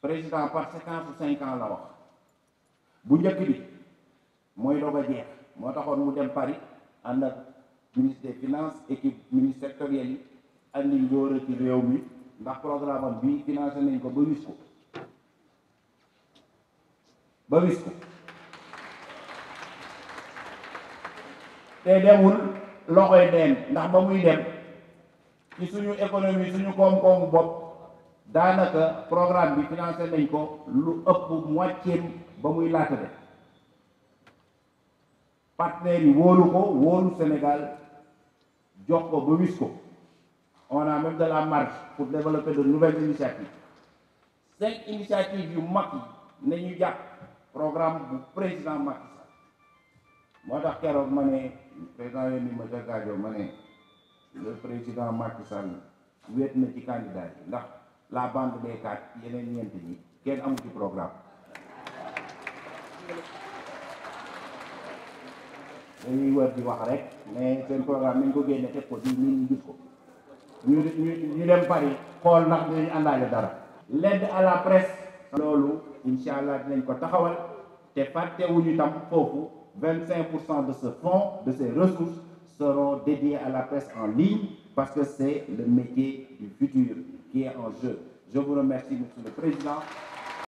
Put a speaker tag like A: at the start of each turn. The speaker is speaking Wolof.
A: président par séquence cinq ans la wax bu njëkk bi mooy doog a jeex moo taxoon mu dem Paris ànd ak ministre des finances équipe ministre sectorielle yi andi njóora ci réew mi ndax programme am bii financé nañ ko ba wis ko ba wis ko te demul loxoy neen ndax ba muy dem ci suñu économie suñu koom-koomu bopp daanaka programme bi financé nañ ko lu ëpp moitié ba muy laata de partenaires yi wóolu ko wóolu Sénégal jox ko ba wis ko on a même marge pour développer de nouvelles initiatives cinq initiatives yu mag yi nañu jàpp programme bu président Macky moo tax keroog ma ne président yooyu ni président Macky wéet na ci candidat yi ndax la bande des quatre yeneen ñeent ñi kenn amu ci programme dañuy wër di wax rek mais seen programme nañ ko génne teg ko di ñun ñu ko ñu ñu dem Paris xool ndax dinañ àndaale dara l'aide à la presse loolu incha allah dinañ ko taxawal te fàttewuñu tam foofu vingt cinq pour cent de ce fonds de ces ressources seron dédiées à la presse en ligne parce que c'est le métier du futur qui est en jeu. Je vous Monsieur le Président.